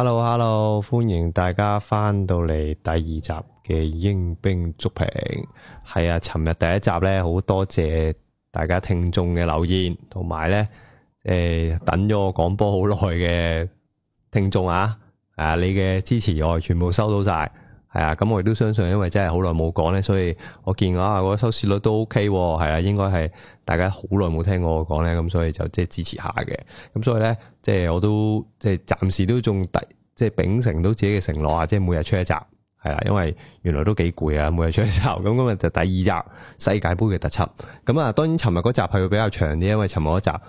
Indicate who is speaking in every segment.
Speaker 1: hello hello，歡迎大家翻到嚟第二集嘅鷹兵足評。係啊，尋日第一集呢，好多謝大家聽眾嘅留言，同埋呢，誒等咗我廣播好耐嘅聽眾啊，啊你嘅支持我全部收到晒。係啊，咁我亦都相信，因為真係好耐冇講咧，所以我見啊，個收視率都 OK，係啊，應該係大家好耐冇聽過我講咧，咁所以就即係支持下嘅。咁所以咧，即係我都即係暫時都仲得，即係秉承到自己嘅承諾啊，即係每日出一集，係啦，因為原來都幾攰啊，每日出一集，咁今日就第二集世界盃嘅特輯。咁啊，當然尋日嗰集係會比較長啲，因為尋日嗰集。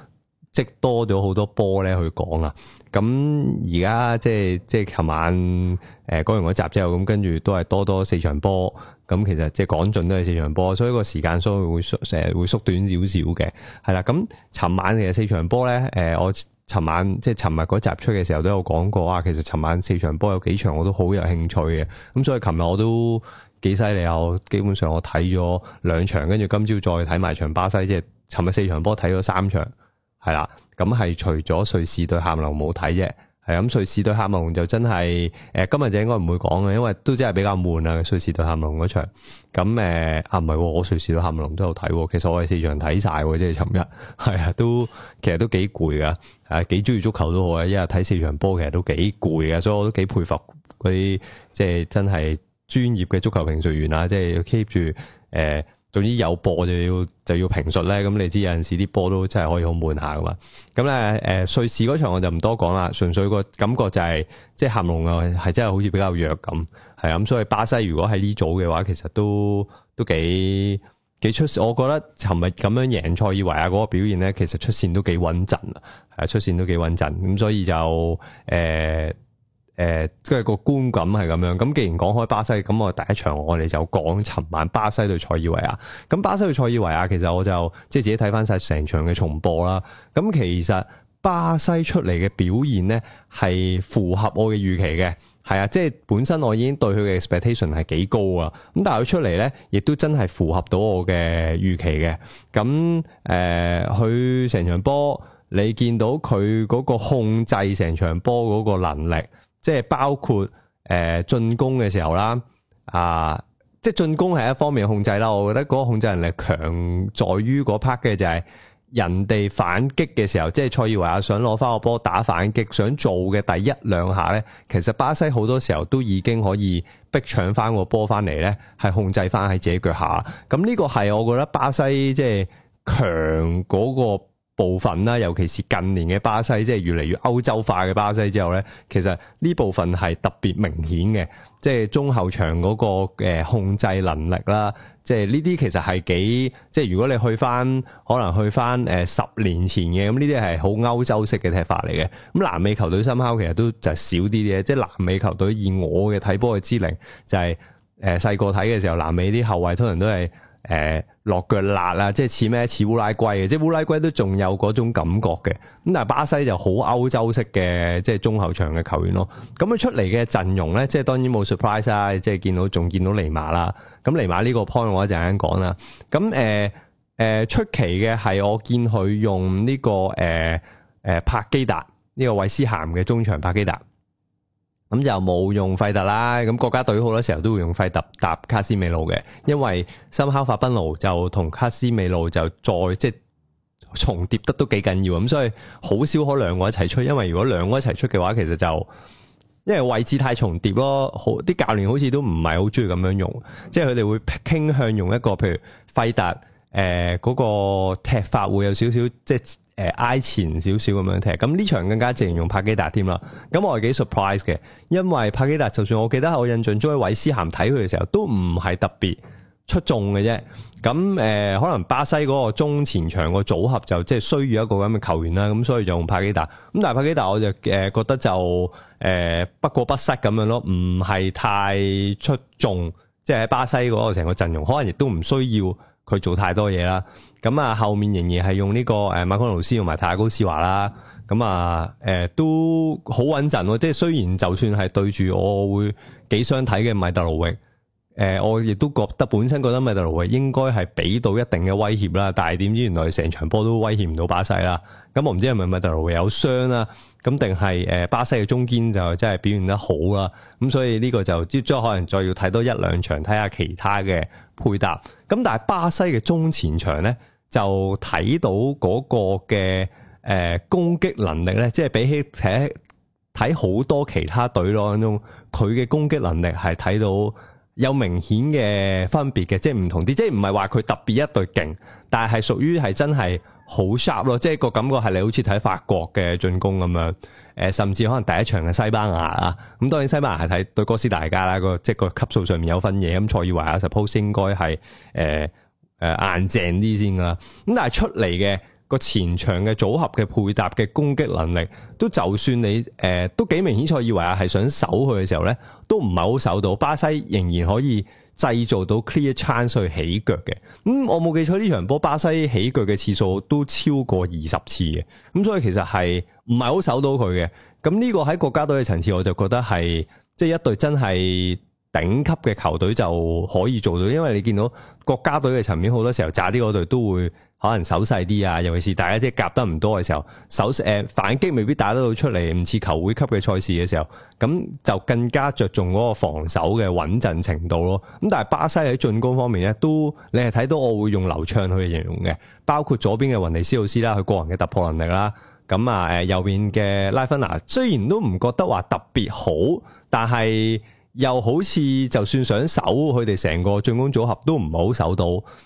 Speaker 1: 即多咗好多波咧去講啊！咁而家即即琴晚誒、呃、講完嗰集之後，咁跟住都係多多四場波，咁其實即講盡都係四場波，所以個時間數會,、呃、會縮短少少嘅，係啦。咁琴晚其實四場波咧誒，我琴晚即尋日嗰集出嘅時候都有講過啊。其實琴晚四場波有幾場我都好有興趣嘅，咁所以琴日我都幾犀利啊！我基本上我睇咗兩場，跟住今朝再睇埋場巴西，即係尋日四場波睇咗三場。係啦，咁係除咗瑞士對喀麥隆冇睇啫，係咁瑞士對喀麥隆就真係，誒、呃、今日就應該唔會講嘅，因為都真係比較悶啊，瑞士對喀麥隆嗰場，咁誒、呃、啊唔係，我瑞士對喀麥隆都有睇，其實我係四場睇晒，即係尋日，係啊都，其實都幾攰噶，啊幾中意足球都好啊，一日睇四場波，其實都幾攰啊，所以我都幾佩服嗰啲即係真係專業嘅足球評述員啊，即係要 keep 住誒。呃總之有波就要就要評述咧，咁你知有陣時啲波都真係可以好悶下噶嘛。咁咧，誒、呃、瑞士嗰場我就唔多講啦，純粹個感覺就係、是、即係合龍啊，係真係好似比較弱咁。係咁，所以巴西如果喺呢組嘅話，其實都都幾幾出。我覺得尋日咁樣贏塞爾維亞嗰個表現咧，其實出線都幾穩陣啊，出線都幾穩陣。咁所以就誒。呃誒，即係、呃就是、個觀感係咁樣。咁既然講開巴西，咁我第一場我哋就講尋晚巴西對塞爾維亞。咁巴西對塞爾維亞其實我就即係自己睇返晒成場嘅重播啦。咁其實巴西出嚟嘅表現呢，係符合我嘅預期嘅。係啊，即、就、係、是、本身我已經對佢嘅 expectation 係幾高啊。咁但係佢出嚟呢，亦都真係符合到我嘅預期嘅。咁誒，佢、呃、成場波，你見到佢嗰個控制成場波嗰個能力。即係包括誒進攻嘅時候啦，啊，即係進攻係一方面控制啦。我覺得嗰個控制能力強在於嗰 part 嘅就係人哋反擊嘅時候，即係塞爾維亞想攞翻個波打反擊，想做嘅第一兩下咧，其實巴西好多時候都已經可以逼搶翻個波翻嚟咧，係控制翻喺自己腳下。咁呢個係我覺得巴西即係強嗰個。部分啦，尤其是近年嘅巴西，即係越嚟越歐洲化嘅巴西之後咧，其實呢部分係特別明顯嘅，即係中後場嗰個誒控制能力啦，即係呢啲其實係幾即係如果你去翻可能去翻誒十年前嘅，咁呢啲係好歐洲式嘅踢法嚟嘅。咁南美球隊深敲其實都就少啲啲，即係南美球隊以我嘅睇波嘅資歷就係誒細個睇嘅時候，南美啲後衛通常都係。誒、呃，落腳辣啦，即係似咩？似烏拉圭嘅，即係烏拉圭都仲有嗰種感覺嘅。咁但係巴西就好歐洲式嘅，即係中後場嘅球員咯。咁佢出嚟嘅陣容咧，即係當然冇 surprise 啦，即係見到仲見到尼馬啦。咁尼馬呢個 point 我一陣間講啦。咁誒誒出奇嘅係我見佢用呢個誒誒帕基達呢個韋斯咸嘅中場帕基達。咁就冇用費特啦，咁國家隊好多時候都會用費特搭卡斯美路嘅，因為深考法賓奴就同卡斯美路就再即重疊得都幾緊要，咁所以好少可兩個一齊出，因為如果兩個一齊出嘅話，其實就因為位置太重疊咯，好啲教練好似都唔係好中意咁樣用，即係佢哋會傾向用一個譬如費特。誒，嗰、呃那個踢法會有少少，即係誒、呃、挨前少少咁樣踢。咁呢場更加淨用帕基達添啦。咁我係幾 surprise 嘅，因為帕基達就算我記得喺我印象中喺韋斯咸睇佢嘅時候，都唔係特別出眾嘅啫。咁誒、呃，可能巴西嗰個中前場個組合就即係需要一個咁嘅球員啦。咁所以就用帕基達。咁但係帕基達，我就誒覺得就誒、呃、不過不失咁樣咯，唔係太出眾。即係喺巴西嗰個成個陣容，可能亦都唔需要。佢做太多嘢啦，咁啊，後面仍然係用呢、這個誒馬康勞斯同埋泰高斯華啦，咁啊誒、呃、都好穩陣喎、啊，即係雖然就算係對住我會幾想睇嘅米特勞域，誒、呃、我亦都覺得本身覺得米特勞域應該係俾到一定嘅威脅啦，但係點知原來成場波都威脅唔到巴西啦，咁我唔知係咪米特勞域有傷啦、啊，咁定係巴西嘅中堅就真係表現得好啦、啊，咁所以呢個就即將可能再要睇多一兩場，睇下其他嘅配搭，咁但係巴西嘅中前場咧，就睇到嗰個嘅誒攻擊能力咧，即係比起睇睇好多其他隊咯，當中佢嘅攻擊能力係睇到有明顯嘅分別嘅，即係唔同啲，即係唔係話佢特別一對勁，但係係屬於係真係。好 sharp 咯，即係個感覺係你好似睇法國嘅進攻咁樣，甚至可能第一場嘅西班牙啊，咁當然西班牙係睇對哥斯大加啦，即係個級數上面有分嘢，咁塞爾維亞 suppose 應該係誒誒硬正啲先噶，咁但係出嚟嘅個前場嘅組合嘅配搭嘅攻擊能力，都就算你誒、呃、都幾明顯，塞爾維亞係想守佢嘅時候咧，都唔係好守到，巴西仍然可以。製造到 clear chance 去起腳嘅，咁我冇記錯呢場波巴西起腳嘅次數都超過二十次嘅，咁所以其實係唔係好守到佢嘅，咁呢個喺國家隊嘅層次我就覺得係即係一隊真係頂級嘅球隊就可以做到，因為你見到國家隊嘅層面好多時候差啲嗰隊都會。可能手細啲啊，尤其是大家即係夾得唔多嘅時候，手誒、呃、反擊未必打得到出嚟，唔似球會級嘅賽事嘅時候，咁就更加着重嗰個防守嘅穩陣程度咯。咁但係巴西喺進攻方面咧，都你係睇到我會用流暢去形容嘅，包括左邊嘅雲尼斯奧斯啦，佢個人嘅突破能力啦，咁啊誒、呃、右邊嘅拉芬娜雖然都唔覺得話特別好，但係。又好似就算想守佢哋成個進攻組合都唔係好守到，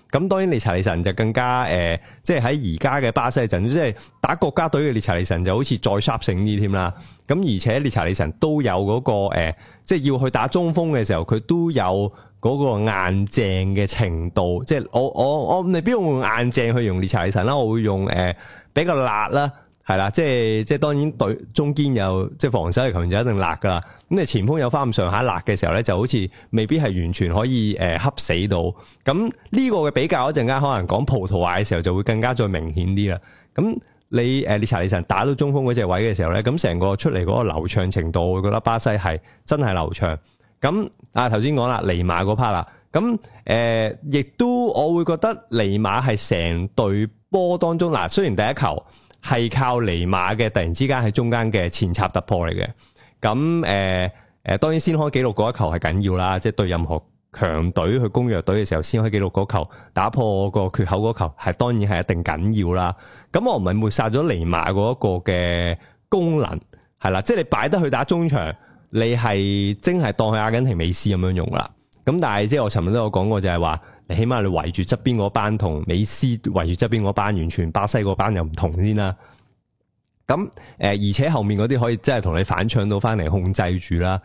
Speaker 1: 咁當然列查利臣就更加誒、呃，即係喺而家嘅巴西陣，即係打國家隊嘅列查利臣就好似再 sharp 成啲添啦。咁而且列查利臣都有嗰、那個誒、呃，即係要去打中鋒嘅時候，佢都有嗰個硬正嘅程度。即係我我我未必會用硬正去用列查利臣啦、啊，我會用誒、呃、比較辣啦。係啦，即係即係，當然對中間有即係防守嘅球員就一定辣噶啦。咁你前鋒有翻咁上下辣嘅時候咧，就好似未必係完全可以誒恰、呃、死到。咁呢個嘅比較一陣間可能講葡萄牙嘅時候就會更加再明顯啲啦。咁你誒你查理神打到中鋒嗰隻位嘅時候咧，咁成個出嚟嗰個流暢程度，我覺得巴西係真係流暢。咁啊頭先講啦，尼馬嗰 part 啦，咁誒亦都我會覺得尼馬係成隊波當中嗱、呃，雖然第一球。係靠尼馬嘅突然之間喺中間嘅前插突破嚟嘅，咁誒誒當然先開紀錄嗰一球係緊要啦，即係對任何強隊去攻弱隊嘅時候先開紀錄嗰一球打破個缺口嗰球係當然係一定緊要啦。咁我唔係抹殺咗尼馬嗰一個嘅功能係啦，即係你擺得去打中場，你係真係當佢阿根廷美斯咁樣用啦。咁但係即係我尋日都有講過就係話。起碼你起碼你圍住側邊嗰班同美斯圍住側邊嗰班，完全巴西嗰班又唔同先啦。咁誒，而且後面嗰啲可以真係同你反搶到翻嚟控制住啦。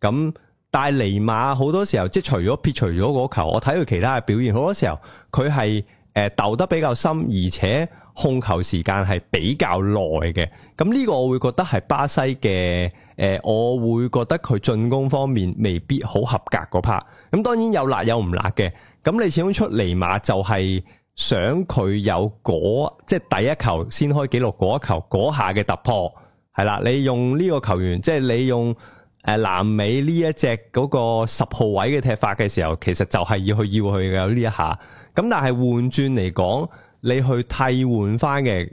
Speaker 1: 咁但係尼馬好多時候即係除咗撇除咗嗰球，我睇佢其他嘅表現，好多時候佢係誒鬥得比較深，而且控球時間係比較耐嘅。咁呢個我會覺得係巴西嘅誒，我會覺得佢進攻方面未必好合格嗰 part。咁當然有辣有唔辣嘅。咁你始終出尼馬就係想佢有嗰即係第一球先開紀錄嗰一球嗰下嘅突破係啦，你用呢個球員即係、就是、你用誒南美呢一隻嗰個十號位嘅踢法嘅時候，其實就係要去要去嘅呢一下。咁但係換轉嚟講，你去替換翻嘅。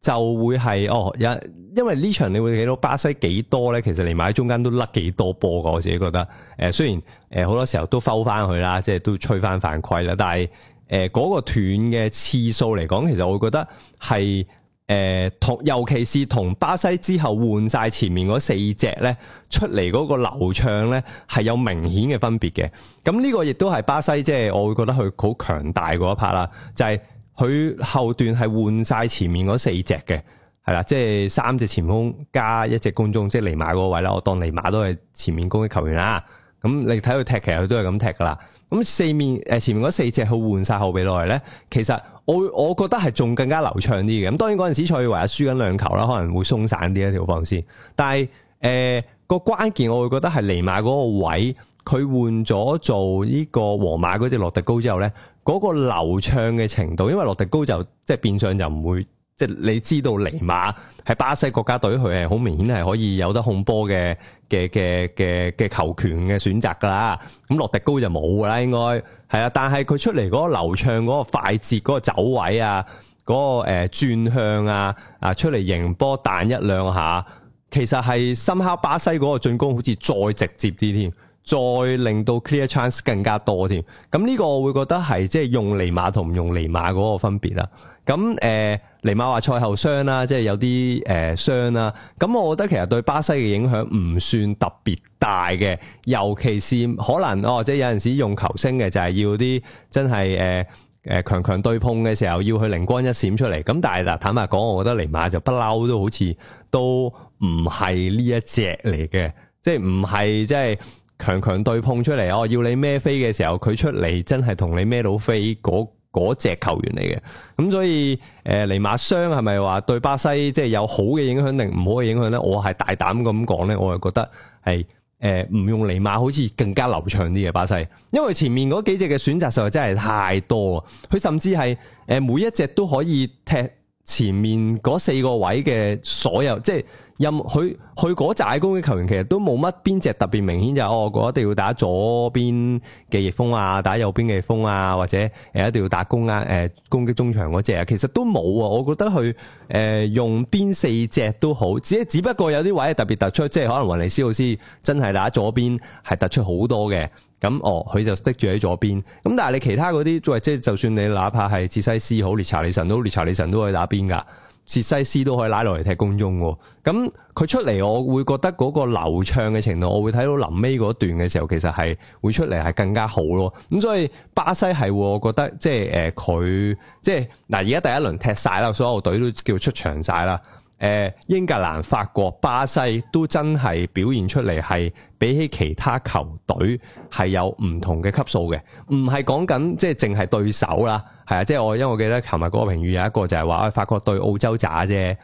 Speaker 1: 就會係哦，因因為呢場你會睇到巴西幾多咧？其實連埋喺中間都甩幾多波噶，我自己覺得。誒、呃，雖然誒好、呃、多時候都收翻佢啦，即係都吹翻犯規啦，但係誒嗰個斷嘅次數嚟講，其實我會覺得係誒同，尤其是同巴西之後換晒前面嗰四隻咧，出嚟嗰個流暢咧，係有明顯嘅分別嘅。咁呢個亦都係巴西即係我會覺得佢好強大嗰一 part 啦，就係、是。佢後段係換晒前面嗰四隻嘅，係啦，即係三隻前鋒加一隻攻中，即係尼馬嗰位啦。我當尼馬都係前面攻嘅球員啦。咁你睇佢踢，其實佢都係咁踢噶啦。咁四面前面嗰四隻佢換晒後備落嚟咧，其實我我覺得係仲更加流暢啲嘅。咁當然嗰陣時塞爾維亞輸緊兩球啦，可能會鬆散啲一條防線，但係誒、呃那個關鍵，我會覺得係尼馬嗰個位佢換咗做呢個皇馬嗰隻洛迪高之後咧。嗰個流暢嘅程度，因為洛迪高就即係變相就唔會，即係你知道尼馬喺巴西國家隊，佢係好明顯係可以有得控波嘅嘅嘅嘅嘅球權嘅選擇噶啦。咁洛迪高就冇啦，應該係啊。但係佢出嚟嗰個流暢、嗰個快捷、嗰個走位啊，嗰個誒轉向啊，啊出嚟迎波彈一兩下，其實係深刻巴西嗰個進攻，好似再直接啲添。再令到 clear chance 更加多添，咁呢個我會覺得係即係用尼馬同唔用尼馬嗰個分別啦。咁誒尼馬話賽後傷啦，即係有啲誒傷啦。咁我覺得其實對巴西嘅影響唔算特別大嘅，尤其是可能哦，即係有陣時用球星嘅就係要啲真係誒誒強強對碰嘅時候要去靈光一閃出嚟。咁但係嗱，坦白講，我覺得尼馬就不嬲都好似都唔係呢一隻嚟嘅，即係唔係即係。強強對碰出嚟，我要你孭飛嘅時候，佢出嚟真係同你孭到飛嗰嗰隻球員嚟嘅。咁所以，誒，尼馬傷係咪話對巴西即係有好嘅影響定唔好嘅影響咧？我係大膽咁講咧，我就覺得係誒，唔用尼馬好似更加流暢啲嘅巴西，因為前面嗰幾隻嘅選擇上真係太多啊！佢甚至係誒，每一隻都可以踢前面嗰四個位嘅所有，即係。任佢佢嗰紮攻擊球員，其實都冇乜邊隻特別明顯就係、哦，我一定要打左邊嘅翼鋒啊，打右邊嘅翼鋒啊，或者、呃、一定要打攻啊，誒、呃、攻擊中場嗰隻啊，其實都冇啊。我覺得佢誒、呃、用邊四隻都好，只只不過有啲位特別突出，即係可能雲尼斯奧斯真係打左邊係突出好多嘅。咁哦，佢就 stick 住喺左邊。咁但係你其他嗰啲即係就算你哪怕係哲西斯好，列查理神都列查理神都可以打邊噶。捷西斯都可以拉落嚟踢攻中喎，咁佢出嚟，我會覺得嗰個流暢嘅程度，我會睇到臨尾嗰段嘅時候，其實係會出嚟係更加好咯。咁所以巴西係，我覺得即係誒佢即係嗱，而家第一輪踢晒啦，所有隊都叫出場晒啦。誒，英格蘭、法國、巴西都真係表現出嚟係比起其他球隊係有唔同嘅級數嘅，唔係講緊即係淨係對手啦，係啊，即係我因為我記得琴日嗰個評語有一個就係話，誒，法國對澳洲渣啫，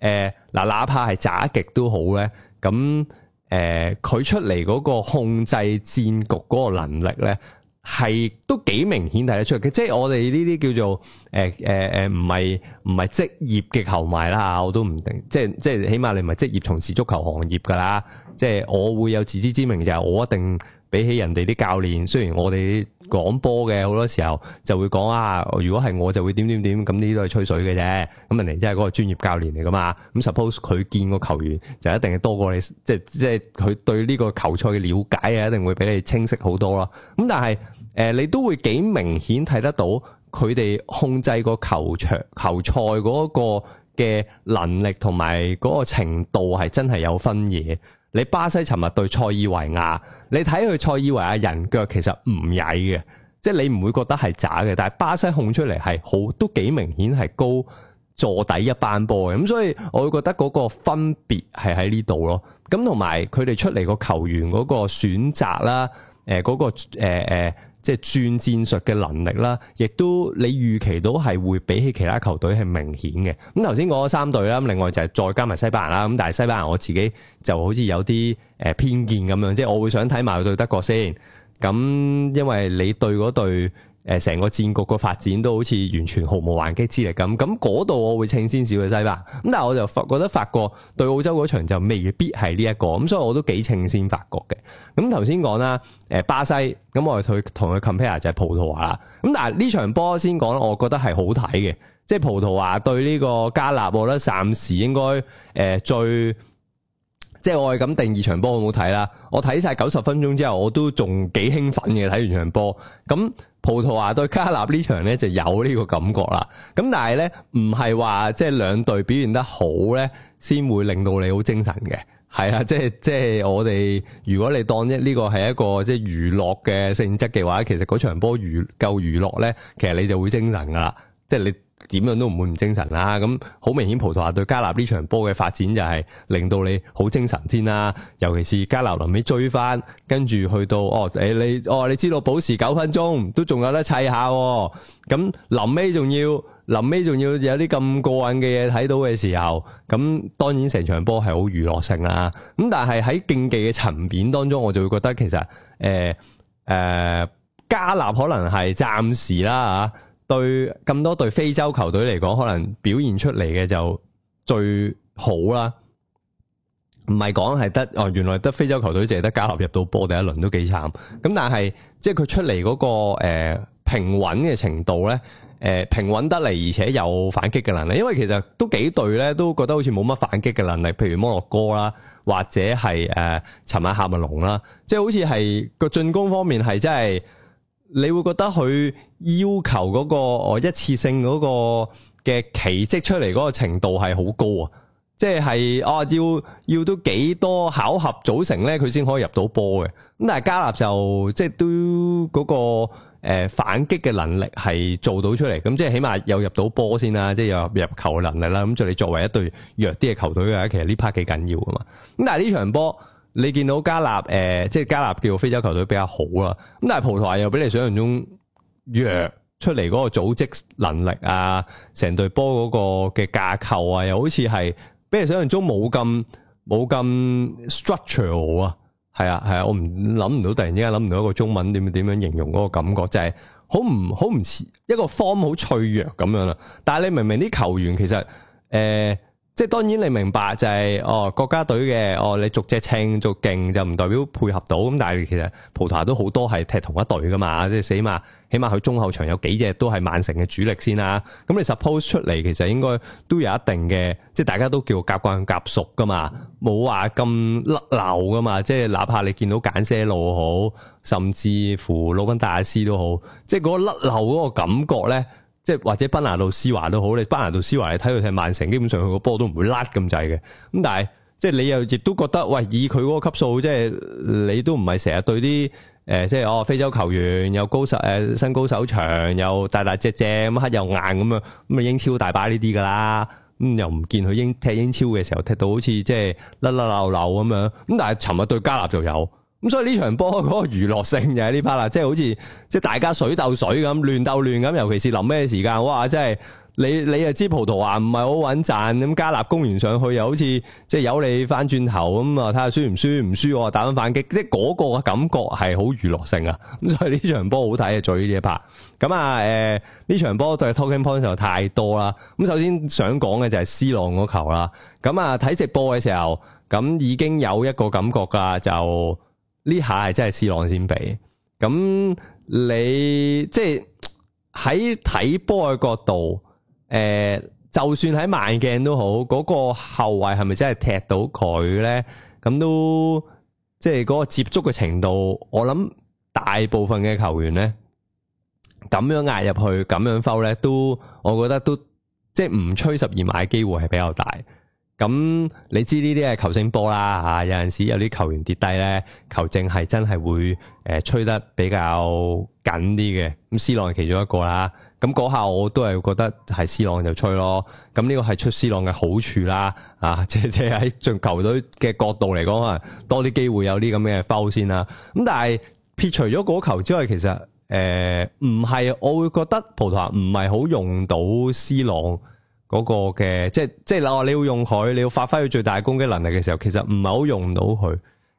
Speaker 1: 誒，嗱，哪怕係渣極都好咧，咁誒，佢出嚟嗰個控制戰局嗰個能力咧。係都幾明顯睇得出嘅，即係我哋呢啲叫做誒誒誒，唔係唔係職業嘅球迷啦，我都唔定，即係即係起碼你唔係職業從事足球行業噶啦，即係我會有自知之明就係我一定比起人哋啲教練，雖然我哋。講波嘅好多時候就會講啊，如果係我就會點點點，咁呢啲都係吹水嘅啫。咁人哋真係嗰個專業教練嚟㗎嘛，咁 suppose 佢見個球員就一定係多過你，即係即係佢對呢個球賽嘅了解啊，一定會比你清晰好多咯。咁但係誒、呃，你都會幾明顯睇得到佢哋控制個球場球賽嗰個嘅能力同埋嗰個程度係真係有分嘢。你巴西尋日對塞爾維亞。你睇佢塞爾維亞，人腳其實唔曳嘅，即、係、你唔會覺得係渣嘅。但巴西控出嚟係好，都幾明顯係高坐底一班波嘅。咁所以我會覺得嗰個分別係喺呢度咯。咁同埋佢哋出嚟個球員嗰個選擇啦，嗰、嗰個誒、呃呃即係轉戰術嘅能力啦，亦都你預期到係會比起其他球隊係明顯嘅。咁頭先講咗三隊啦，咁另外就係再加埋西班牙啦。咁但係西班牙我自己就好似有啲誒偏見咁樣，即係我會想睇埋佢對德國先。咁因為你對嗰對。誒，成個戰局嘅發展都好似完全毫無還擊之力咁，咁嗰度我會稱先少嘅西班牙。咁但係我就覺得法國對澳洲嗰場就未必係呢一個，咁所以我都幾稱先法國嘅。咁頭先講啦，誒巴西，咁我去同佢 compare 就係葡萄牙啦。咁但係呢場波先講，我覺得係好睇嘅，即係葡萄牙對呢個加納，我覺得，暫時應該誒最，即係我係咁定二場波好唔好睇啦？我睇晒九十分鐘之後，我都仲幾興奮嘅，睇完場波咁。葡萄牙對加納呢場咧就有呢個感覺啦，咁但係咧唔係話即係兩隊表現得好咧，先會令到你好精神嘅。係啦、嗯，即係即係我哋如果你當一呢個係一個即係娛樂嘅性質嘅話，其實嗰場波娛夠娛樂咧，其實你就會精神噶啦，即係你。點樣都唔會唔精神啦、啊！咁好明顯，葡萄牙對加納呢場波嘅發展就係令到你好精神先、啊、啦。尤其是加納臨尾追翻，跟住去到哦，哎、你哦，你知道保持九分鐘都仲有得砌下喎、啊。咁臨尾仲要，臨尾仲要有啲咁過癮嘅嘢睇到嘅時候，咁當然成場波係好娛樂性啦、啊。咁但係喺競技嘅層面當中，我就會覺得其實誒、呃呃、加納可能係暫時啦吓對咁多對非洲球隊嚟講，可能表現出嚟嘅就最好啦。唔係講係得哦，原來得非洲球隊淨係得加納入到波第一輪都幾慘。咁但係即係佢出嚟嗰個誒平穩嘅程度咧，誒平穩得嚟，而且有反擊嘅能力。因為其實都幾隊咧都覺得好似冇乜反擊嘅能力，譬如摩洛哥啦，或者係誒尋晚夏文龍啦，即係好似係個進攻方面係真係。你會覺得佢要求嗰個哦一次性嗰個嘅奇蹟出嚟嗰個程度係好高啊！即係哦要要都幾多巧合組成咧，佢先可以入到波嘅。咁但係加納就即係都嗰個誒反擊嘅能力係做到出嚟，咁即係起碼有入到波先啦，即係有入球，有入球嘅能力啦。咁就你作為一隊弱啲嘅球隊嘅，其實呢 part 幾緊要噶嘛。咁但係呢場波。你見到加納誒，即、呃、係加納叫非洲球隊比較好啊。咁但係葡萄牙又比你想象中弱，出嚟嗰個組織能力啊，成隊波嗰個嘅架構啊，又好似係比你想象中冇咁冇咁 structural 啊。係啊係啊，我唔諗唔到，突然之間諗唔到一個中文點樣，點樣形容嗰個感覺，就係好唔好唔似一個 form，好脆弱咁樣啦。但係你明唔明啲球員其實誒。呃即係當然你明白就係、是、哦國家隊嘅，哦，你逐隻稱逐勁就唔代表配合到咁，但係其實葡萄牙都好多係踢同一隊噶嘛，即係起碼起碼佢中後場有幾隻都係曼城嘅主力先啦，咁你 suppose 出嚟，其實應該都有一定嘅，即係大家都叫夾慣夾熟噶嘛，冇話咁甩漏噶嘛，即係哪怕你見到簡些路好，甚至乎魯賓達斯都好，即係嗰個甩漏嗰個感覺咧。即係或者賓拿度斯華都好，你賓拿度斯華，你睇佢踢曼城，基本上佢個波都唔會甩咁滯嘅。咁但係即係你又亦都覺得，喂，以佢嗰個級數，即係你都唔係成日對啲誒即係哦非洲球員又高手誒，身高手長又大大隻隻咁黑又硬咁樣咁啊，英超大把呢啲噶啦，咁又唔見佢英踢英超嘅時候踢到好似即係甩甩漏漏咁樣。咁但係尋日對加納就有。咁所以呢場波嗰個娛樂性就喺呢 part 啦，即係好似即係大家水鬥水咁，亂鬥亂咁。尤其是臨咩時間，哇！真係你你又知葡萄牙唔係好穩賺，咁加納公園上去又好似即係由你翻轉頭咁啊，睇下輸唔輸唔輸啊！打翻反擊，即係嗰個嘅感覺係好娛樂性啊！咁所以呢場波好睇啊，在呢啲 part。咁啊，誒、呃，呢場波對 talking point 嘅時候太多啦。咁首先想講嘅就係 C 朗個球啦。咁啊，睇直播嘅時候，咁已經有一個感覺噶就。呢下係真係 C 朗先俾，咁你即係喺睇波嘅角度，誒、呃，就算喺慢鏡都好，嗰、嗰個後衛係咪真係踢到佢咧？咁都即係嗰個接觸嘅程度，我諗大部分嘅球員咧，咁樣壓入去，咁樣 foul 咧，都我覺得都即係唔吹十二碼機會係比較大。咁你知呢啲係球星波啦，吓，有陣時有啲球員跌低咧，球證係真係會誒，吹得比較緊啲嘅。咁 C 朗係其中一個啦，咁嗰下我都係覺得係 C 朗就吹咯。咁呢個係出 C 朗嘅好處啦，啊即係即係喺進球隊嘅角度嚟講可能多啲機會有啲咁嘅 foul 先啦。咁但係撇除咗個球之外，其實誒，唔係我會覺得葡萄牙唔係好用到 C 朗。嗰個嘅，即係即係，話你要用佢，你要發揮佢最大嘅攻擊能力嘅時候，其實唔係好用到佢。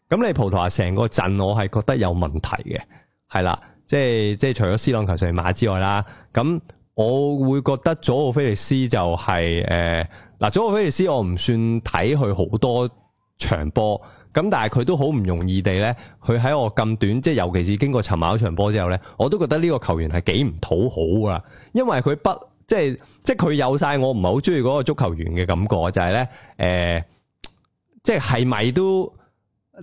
Speaker 1: 咁你葡萄牙成個陣，我係覺得有問題嘅，係啦，即係即係除咗斯朗球上馬之外啦。咁我會覺得佐奧菲利斯就係、是、誒，嗱佐奧菲利斯我唔算睇佢好多場波，咁但係佢都好唔容易地咧，佢喺我咁短，即係尤其是經過尋晚一場波之後咧，我都覺得呢個球員係幾唔討好噶，因為佢不。即係即係佢有晒，我唔係好中意嗰個足球員嘅感覺，就是，就係咧誒，即係係咪都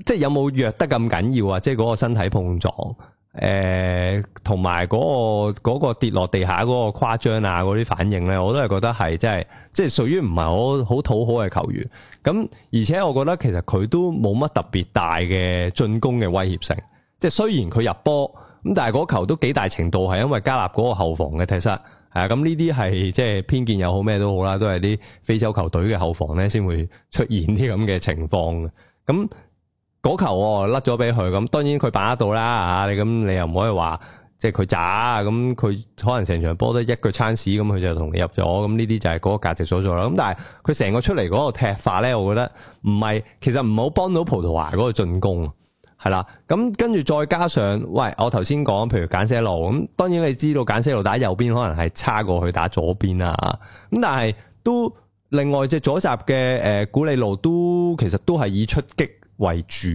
Speaker 1: 即係有冇弱得咁緊要啊？即係嗰個身體碰撞誒，同埋嗰個嗰，嗰個跌落地下嗰個誇張啊，嗰啲反應咧，我都係覺得係即係即係屬於唔係好討好討好嘅球員。咁而且我覺得其實佢都冇乜特別大嘅進攻嘅威脅性。即係雖然佢入波咁，但係嗰球都幾大程度係因為加納嗰個後防嘅踢失。係啊，咁呢啲係即係偏見又好咩都好啦，都係啲非洲球隊嘅後防咧，先會出現啲咁嘅情況嘅。咁嗰球我甩咗俾佢，咁當然佢把得到啦啊！你咁你又唔可以話即係佢渣，咁佢可能成場波得一腳餐屎，咁佢就同你入咗，咁呢啲就係嗰個價值所在啦。咁但係佢成個出嚟嗰個踢法咧，我覺得唔係，其實唔好幫到葡萄牙嗰個進攻。係啦，咁跟住再加上，喂，我頭先講，譬如簡些路，咁當然你知道簡些路打右邊可能係差過去打左邊啦，咁但係都另外隻左閘嘅，誒古利路都其實都係以出擊為主，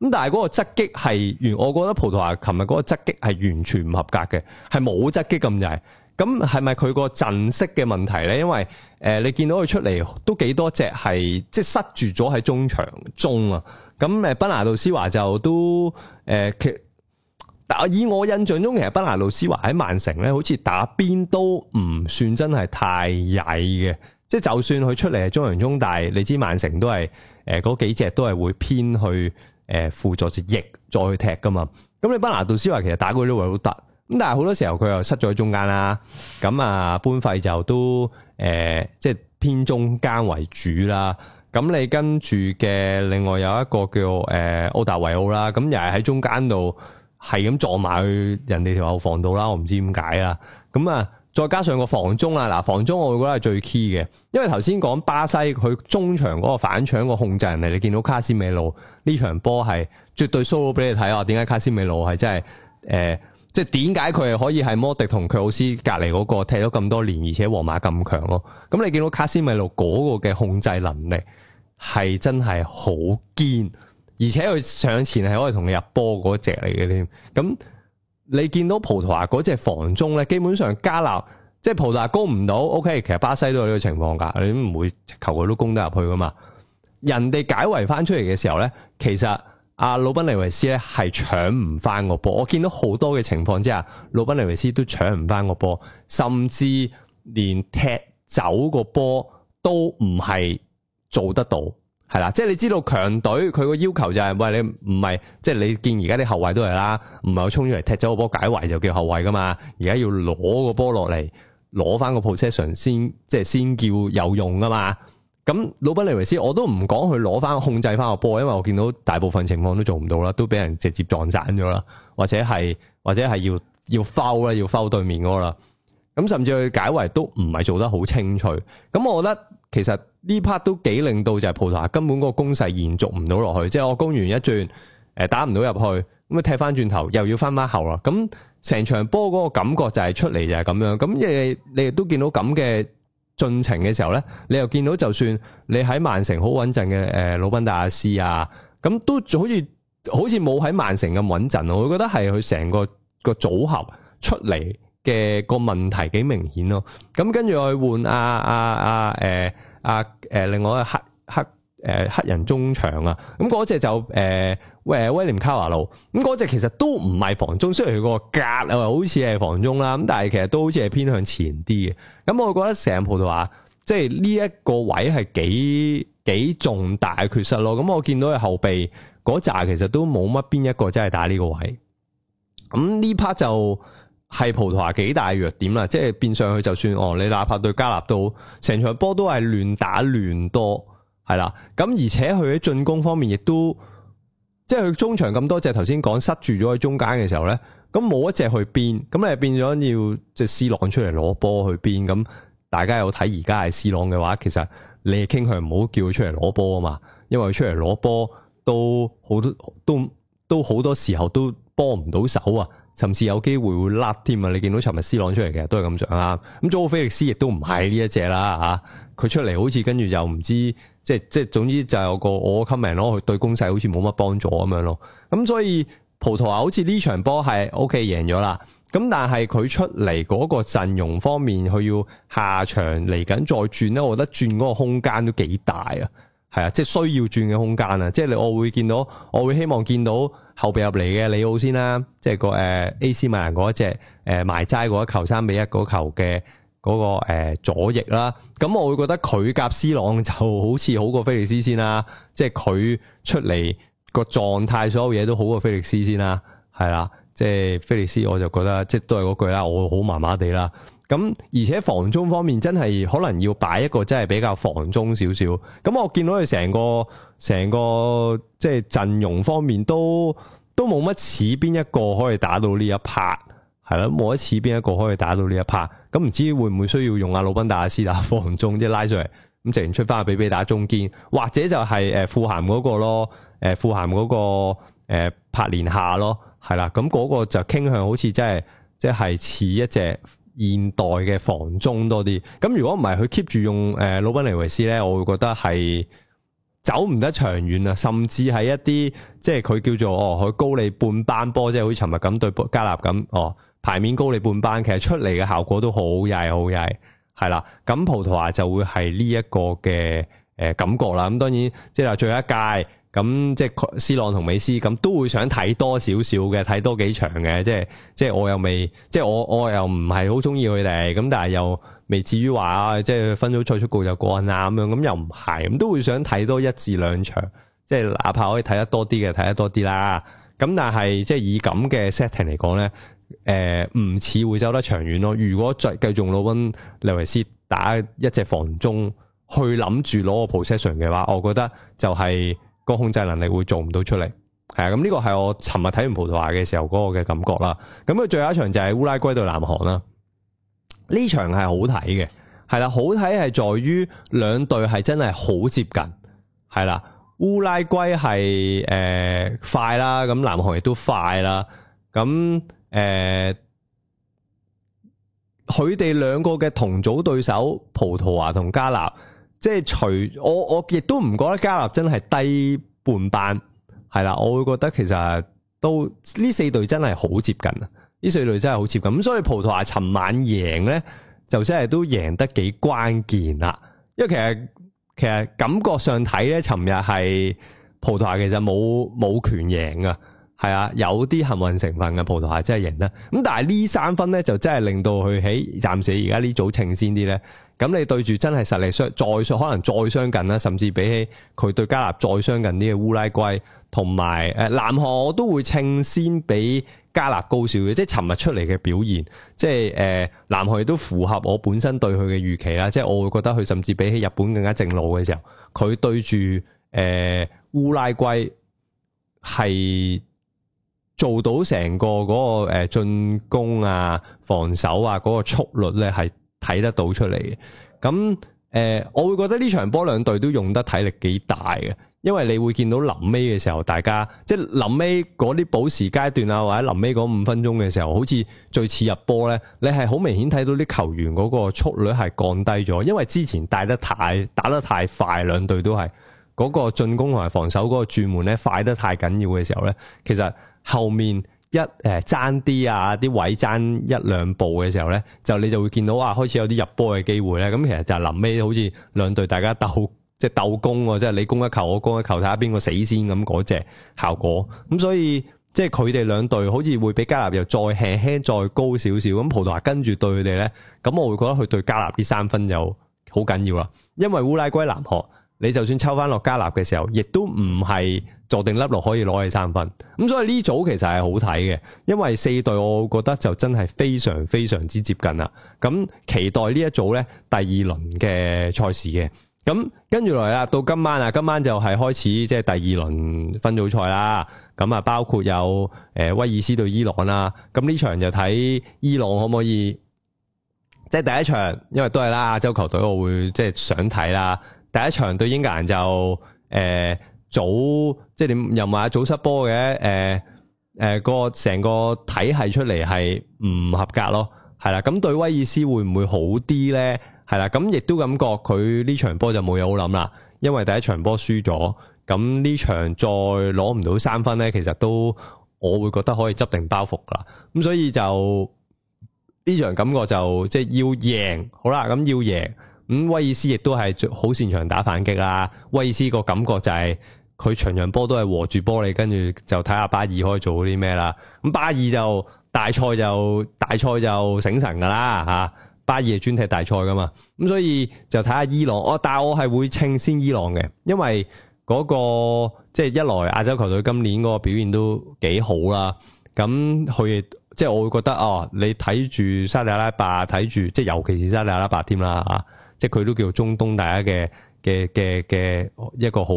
Speaker 1: 咁但係嗰個側擊係，我覺得葡萄牙琴日嗰個側擊係完全唔合格嘅，係冇側擊咁就係，咁係咪佢個陣式嘅問題咧？因為誒、呃、你見到佢出嚟都幾多隻係，即係塞住咗喺中場中啊。咁誒，賓拿杜斯華就都誒、呃，其但以我印象中，其實賓拿杜斯華喺曼城咧，好似打邊都唔算真係太曳嘅，即係就算佢出嚟係中場中型，但你知曼城都係誒嗰幾隻都係會偏去誒、呃、輔助隻翼再去踢噶嘛。咁你賓拿杜斯華其實打嗰啲位都得，咁但係好多時候佢又失咗喺中間啦。咁啊，半費就都誒、呃，即係偏中間為主啦。咁你跟住嘅另外有一個叫誒奧達維奧啦，咁又係喺中間度係咁撞埋去人哋條後防度啦，我唔知點解啦。咁啊，再加上個防中啊，嗱防中我會覺得係最 key 嘅，因為頭先講巴西佢中場嗰個反搶個控制能力，你見到卡斯米路呢場波係絕對 show 俾你睇啊！點解卡斯米路係真係誒？即係點解佢係可以系摩迪同佢奧斯隔離嗰個踢咗咁多年，而且皇馬咁強咯？咁你見到卡斯米路嗰個嘅控制能力。係真係好堅，而且佢上前係可以同你入波嗰隻嚟嘅添。咁你見到葡萄牙嗰隻防中咧，基本上加納，即係葡萄牙攻唔到。OK，其實巴西都有呢個情況噶，你唔會求佢都攻得入去噶嘛。人哋解圍翻出嚟嘅時候咧，其實阿魯賓尼維斯咧係搶唔翻個波。我見到好多嘅情況之下，魯賓尼維斯都搶唔翻個波，甚至連踢走個波都唔係。做得到係啦，即係你知道強隊佢，個要求就係喂，你唔係，即係你見而家啲後衛都係啦，唔係我沖出嚟，踢走個波解圍就叫後衛噶嘛。而家要攞個波落嚟，攞翻個 position 先，即係先叫有用噶嘛。咁魯賓尼維斯我都唔講佢攞翻控制翻個波，因為我見到大部分情況都做唔到啦，都俾人直接撞散咗啦，或者係或者係要要 foul 啦，要 foul 對面個啦。咁甚至佢解圍都唔係做得好清脆。咁我覺得。其實呢 part 都幾令到就係葡萄牙，根本嗰個攻勢延續唔到落去，即係我攻完一轉，誒打唔到入去，咁啊踢翻轉頭又要翻翻後啦，咁成場波嗰個感覺就係出嚟就係咁樣，咁亦你亦都見到咁嘅進程嘅時候咧，你又見到就算你喺曼城好穩陣嘅誒魯賓迪亞斯啊，咁都好似好似冇喺曼城咁穩陣咯，我會覺得係佢成個個組合出嚟嘅個問題幾明顯咯，咁跟住我去換阿阿阿誒。啊，誒，另外一個黑黑誒黑人中場啊，咁嗰隻就誒、欸，喂，威廉卡華路，咁嗰隻其實都唔係防中，雖然佢個格啊好似係防中啦，咁但係其實都好似係偏向前啲嘅。咁我覺得成葡萄牙即係呢一個位係幾幾重大嘅缺失咯。咁我見到佢後備嗰紮其實都冇乜邊一個真係打呢個位。咁呢 part 就。係葡萄牙幾大弱點啦，即係變上去就算哦。你哪怕對加納都好，成場波都係亂打亂多，係啦。咁而且佢喺進攻方面亦都，即係佢中場咁多隻頭先講塞住咗喺中間嘅時候咧，咁冇一隻去邊，咁你變咗要即係 C 朗出嚟攞波去邊？咁大家有睇而家係 C 朗嘅話，其實你傾向唔好叫佢出嚟攞波啊嘛，因為佢出嚟攞波，都好多都都好多時候都幫唔到手啊。甚至有機會會甩添啊！你見到尋日 C 朗出嚟嘅都係咁想啦。咁佐菲力斯亦都唔係呢一隻啦，嚇佢出嚟好似跟住就唔知即係即係，總之就有個我 comment 咯，佢對攻勢好似冇乜幫助咁樣咯。咁所以葡萄牙好似呢場波係 OK 贏咗啦。咁但係佢出嚟嗰個陣容方面，佢要下場嚟緊再轉咧，我覺得轉嗰個空間都幾大啊。係啊，即係需要轉嘅空間啊。即係你，我會見到，我會希望見到。後備入嚟嘅李奧先啦，即係個誒 A.C. 米蘭嗰一隻誒埋齋嗰一球三比一嗰球嘅嗰、嗰個、呃、左翼啦，咁我會覺得佢夾斯朗就好似好過菲利斯先啦，即係佢出嚟個狀態所有嘢都好過菲利斯先啦，係啦，即、就、係、係、菲利斯我就覺得即都係嗰句啦，我會好麻麻地啦，咁而且防中方面真係可能要擺一個真係比較防中少少，咁我見到佢成個。成個即係陣容方面都都冇乜似邊一個可以打到呢一拍，係啦，冇乜似邊一個可以打到呢一拍。咁唔知會唔會需要用阿魯賓達斯打防中，即係拉上嚟，咁直然出翻俾俾打中堅，或者就係誒富咸嗰、那個咯，誒富咸嗰、那個誒、呃、柏連夏咯，係啦。咁嗰個就傾向好似真係即係似一隻現代嘅防中多啲。咁如果唔係佢 keep 住用誒魯賓尼維斯咧，我會覺得係。走唔得長遠啊，甚至係一啲即係佢叫做哦，佢高你半班波，即係好似尋日咁對加納咁，哦牌面高你半班，其實出嚟嘅效果都好曳好曳，係啦。咁葡萄牙就會係呢一個嘅誒感覺啦。咁當然即係最後一屆，咁即係斯朗同美斯咁都會想睇多少少嘅，睇多幾場嘅。即係即係我又未，即係我我又唔係好中意佢哋，咁但係又。未至於話即係分組賽出局就過癮啊咁樣，咁又唔係，咁都會想睇多一至兩場，即係哪怕可以睇得多啲嘅，睇得多啲啦。咁但係即係以咁嘅 setting 嚟講咧，誒唔似會走得長遠咯。如果再繼續攞魯賓尼維斯打一隻防中，去諗住攞個 position 嘅話，我覺得就係個控制能力會做唔到出嚟。係啊，咁呢個係我尋日睇完葡萄牙嘅時候嗰個嘅感覺啦。咁佢最後一場就係烏拉圭對南韓啦。呢場係好睇嘅，係啦，好睇係在於兩隊係真係好接近，係啦，烏拉圭係誒、呃、快啦，咁南韓亦都快啦，咁誒，佢、呃、哋兩個嘅同組對手葡萄牙同加納，即、就、係、是、除我我亦都唔覺得加納真係低半班，係啦，我會覺得其實都呢四隊真係好接近啊。呢四隊真係好接近，咁所以葡萄牙尋晚贏咧，就真係都贏得幾關鍵啦。因為其實其實感覺上睇咧，尋日係葡萄牙其實冇冇權贏噶，係啊，有啲幸運成分嘅，葡萄牙真係贏得！咁但係呢三分咧，就真係令到佢喺暫時而家呢組稱先啲咧。咁你對住真係實力相再上，可能再相近啦，甚至比起佢對加納再相近啲嘅烏拉圭同埋誒南韓，都會稱先俾加拿高少嘅，即係尋日出嚟嘅表現，即係誒南韓亦都符合我本身對佢嘅預期啦。即係我會覺得佢甚至比起日本更加正路嘅時候，佢對住誒、呃、烏拉圭係做到成個嗰個進攻啊、防守啊嗰個速率咧係睇得到出嚟嘅。咁誒、呃，我會覺得呢場波兩隊都用得體力幾大嘅。因為你會見到臨尾嘅時候，大家即係臨尾嗰啲補時階段啊，或者臨尾嗰五分鐘嘅時候，好似最次入波咧。你係好明顯睇到啲球員嗰個速率係降低咗，因為之前帶得太打得太快，兩隊都係嗰、嗰個進攻同埋防守嗰個轉門咧快得太緊要嘅時候咧，其實後面一誒爭啲啊，啲、呃、位爭一兩步嘅時候咧，就你就會見到啊，開始有啲入波嘅機會咧。咁其實就係臨尾好似兩隊大家鬥。即係鬥攻，即係你攻一球，我攻一球，睇下邊個死先，咁嗰隻效果。咁所以即係佢哋兩隊好似會比加納又再輕輕再高少少咁，葡萄牙跟住對佢哋咧，咁我會覺得佢對加納啲三分就好緊要啦，因為烏拉圭南河，你就算抽翻落加納嘅時候，亦都唔係坐定粒落可以攞起三分咁，所以呢組其實係好睇嘅，因為四隊我覺得就真係非常非常之接近啦，咁期待呢一組咧第二輪嘅賽事嘅。咁跟住來啦，到今晚啊，今晚就係開始即係第二輪分組賽啦。咁啊，包括有誒威爾斯對伊朗啦，咁呢場就睇伊朗可唔可以？即係第一場，因為都係啦，亞洲球隊我會即係想睇啦。第一場對英格蘭就誒早，即係點又咪早失波嘅？誒誒個成個體系出嚟係唔合格咯，係啦。咁對威爾斯會唔會好啲咧？係啦，咁亦都感覺佢呢場波就冇嘢好諗啦，因為第一場波輸咗，咁呢場再攞唔到三分呢，其實都我會覺得可以執定包袱噶，咁所以就呢場感覺就即係、就是、要贏，好啦，咁要贏，咁威爾斯亦都係好擅長打反擊啦，威爾斯個感覺就係佢場場波都係和住波你，跟住就睇下巴爾可以做啲咩啦，咁巴爾就大賽就大賽就醒神噶啦，吓。巴爾專踢大賽噶嘛，咁所以就睇下伊朗，哦，但係我係會稱先伊朗嘅，因為嗰個即係一來亞洲球隊今年嗰個表現都幾好啦，咁佢即係我會覺得哦，你睇住沙地阿拉伯，睇住即係尤其是沙地阿拉伯添啦啊，即係佢都叫做中東大家嘅嘅嘅嘅一個好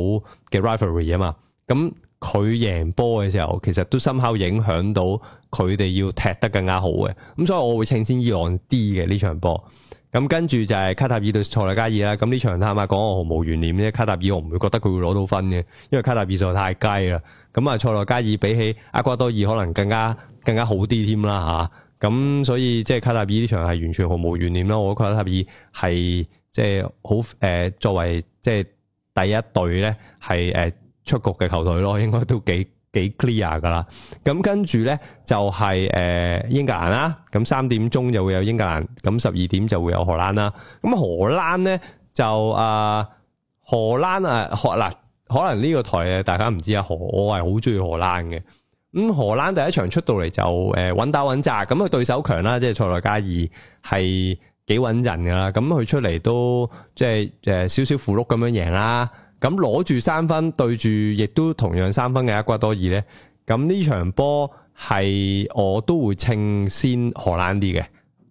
Speaker 1: 嘅 rivalry 啊嘛，咁。佢贏波嘅時候，其實都深刻影響到佢哋要踢得更加好嘅。咁所以，我會稱先依昂啲嘅呢場波。咁跟住就係卡塔爾對塞內加爾啦。咁呢場，坦白講，我毫無懸念啫。卡塔爾我唔會覺得佢會攞到分嘅，因為卡塔爾就太雞啦。咁啊，塞內加爾比起厄瓜多爾可能更加更加好啲添啦吓，咁所以即係卡塔爾呢場係完全毫無懸念啦。我覺得卡塔爾係即係好、呃、作為即係第一隊咧，係、呃出局嘅球隊咯，應該都幾幾 clear 噶啦。咁跟住咧就係、是、誒、呃、英格蘭啦，咁三點鐘就會有英格蘭，咁十二點就會有荷蘭啦。咁荷蘭咧就啊、呃、荷蘭啊，荷蘭可能呢個台大家唔知啊，我我係好中意荷蘭嘅。咁荷蘭第一場出到嚟，就誒穩、呃、打穩紮，咁佢對手強啦，即係塞內加爾係幾穩陣噶啦。咁佢出嚟都即係誒、呃、少少符碌咁樣贏啦。咁攞住三分，對住亦都同樣三分嘅厄瓜多爾咧，咁呢場波係我都會稱先荷蘭啲嘅，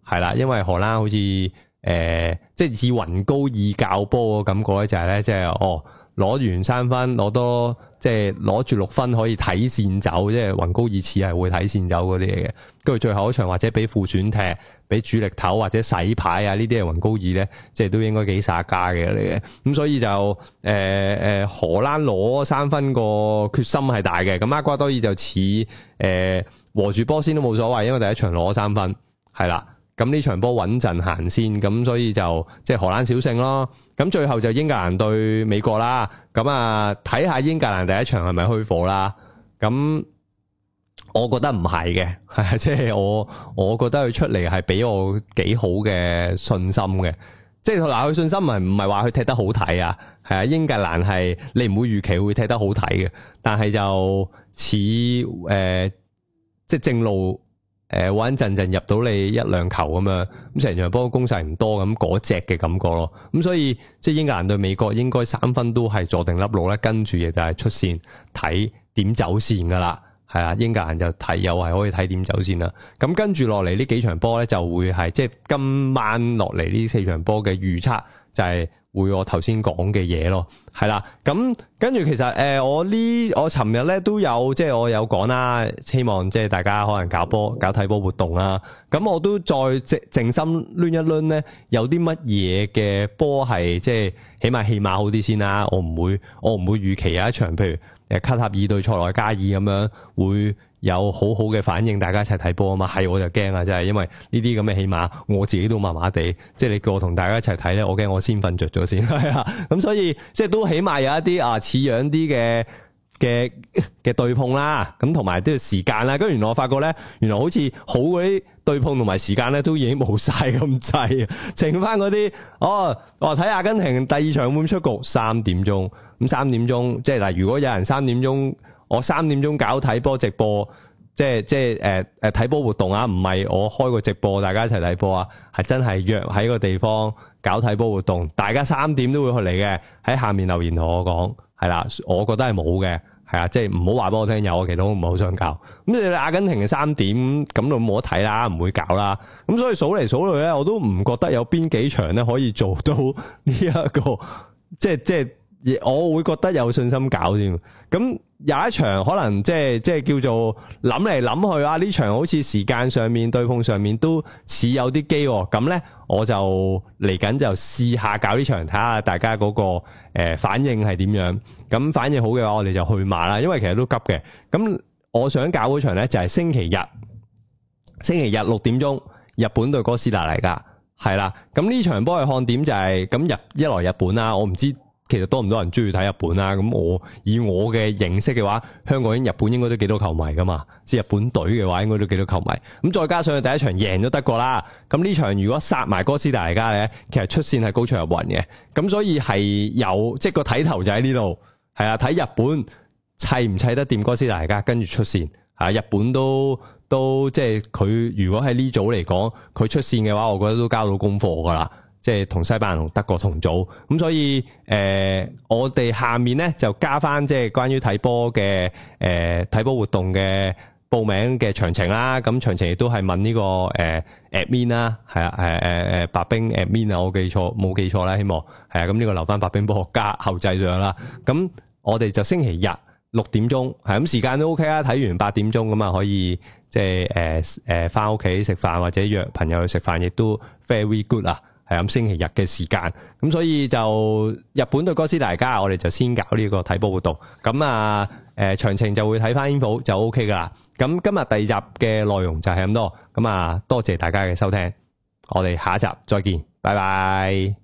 Speaker 1: 係啦，因為荷蘭好似誒，即、呃、係、就是、以雲高爾教波嘅感覺咧，就係、是、咧，即係哦。攞完三分，攞多即係攞住六分可以睇線走，即係雲高爾似係會睇線走嗰啲嘢嘅。跟住最後一場或者俾副選踢，俾主力唞或者洗牌啊，呢啲係雲高爾咧，即係都應該幾耍家嘅嚟嘅。咁所以就誒、呃、荷蘭攞三分個決心係大嘅。咁厄瓜多爾就似誒、呃、和住波先都冇所謂，因為第一場攞三分係啦。咁呢場波穩陣行先，咁所以就即係、就是、荷蘭小勝咯。咁最後就英格蘭對美國啦。咁啊，睇下英格蘭第一場係咪虛火啦。咁我覺得唔係嘅，即係、就是、我我覺得佢出嚟係俾我幾好嘅信心嘅。即係嗱，佢信心唔係唔係話佢踢得好睇啊。係啊，英格蘭係你唔會預期會踢得好睇嘅，但係就似誒即係、呃就是、正路。誒，穩陣陣入到你一兩球咁樣，咁成場波攻勢唔多咁嗰隻嘅感覺咯，咁所以即係英格蘭對美國應該三分都係坐定粒六咧，跟住就係出線睇點走線噶啦，係啊，英格蘭就睇又係可以睇點走線啦，咁跟住落嚟呢幾場波咧就會係即係今晚落嚟呢四場波嘅預測就係、是。會我頭先講嘅嘢咯，係啦，咁跟住其實誒，我呢我尋日咧都有即係我有講啦，希望即係大家可能搞波搞睇波活動啦。咁我都再即靜心攣一攣咧，有啲乜嘢嘅波係即係起碼起碼好啲先啦，我唔會我唔會預期有一場，譬如誒卡塔爾對塞內加爾咁樣會。有好好嘅反應，大家一齊睇波啊嘛，係我就驚喇，真係因為呢啲咁嘅起碼我自己都麻麻地，即係你叫我同大家一齊睇咧，我驚我先瞓着咗先，係啊，咁所以即係都起碼有一啲啊似樣啲嘅嘅嘅對碰啦，咁同埋啲時間啦，跟住原來我發覺咧，原來好似好嗰啲對碰同埋時間咧都已經冇晒咁滯，剩翻嗰啲哦，我睇阿根廷第二場會出局三點鐘，咁三點鐘即係嗱，如果有人三點鐘。我三點鐘搞睇波直播，即係即係誒睇波活動啊！唔係我開個直播，大家一齊睇波啊！係真係約喺個地方搞睇波活動，大家三點都會去嚟嘅。喺下面留言同我講，係啦，我覺得係冇嘅，係啊，即係唔好話俾我聽有，我其實我唔係好想搞。咁你阿根廷嘅三點咁就冇得睇啦，唔會搞啦。咁所以數嚟數去咧，我都唔覺得有邊幾場咧可以做到呢一個，即係即係我會覺得有信心搞添，咁有一場可能即係即係叫做諗嚟諗去啊，呢場好似時間上面對碰上面都似有啲機，咁呢，我就嚟緊就試下搞呢場，睇下大家嗰個誒反應係點樣。咁反應好嘅話，我哋就去馬啦，因為其實都急嘅。咁我想搞嗰場呢，就係星期日，星期日六點鐘日本對哥斯達黎加，係啦。咁呢場波嘅看點就係咁一來日本啦，我唔知。其實多唔多人中意睇日本啊？咁我以我嘅認識嘅話，香港人日本應該都幾多球迷噶嘛？即係日本隊嘅話，應該都幾多球迷。咁再加上第一場贏咗德國啦，咁呢場如果殺埋哥斯達黎加咧，其實出線係高出入雲嘅。咁所以係有即係個睇頭就喺呢度。係啊，睇日本砌唔砌得掂哥斯達黎加，跟住出線。啊，日本都都即係佢如果喺呢組嚟講，佢出線嘅話，我覺得都交到功課噶啦。即係同西班牙同德國同組，咁所以誒、呃，我哋下面咧就加翻即係關於睇波嘅誒睇波活動嘅報名嘅詳情啦。咁詳情亦都係問呢、呢個誒 admin 啦，係、呃、啊誒誒白兵 admin 啊，啊 admin，我記錯冇記錯啦，希望係啊。咁呢個留翻白兵波學家後製咗啦。咁我哋就星期日六點鐘，係咁時間都 OK 啦。睇完八點鐘咁啊，可以即係誒誒翻屋企食飯或者約朋友去食飯，亦都 very good 啦係咁星期日嘅時間，咁所以就日本對哥斯達黎加，我哋就先搞呢個睇波活動。咁啊，誒詳情就會睇翻 info 就 OK 㗎喇。咁今日第二集嘅內容就係咁多。咁啊，多謝大家嘅收聽，我哋下一集再見，拜拜。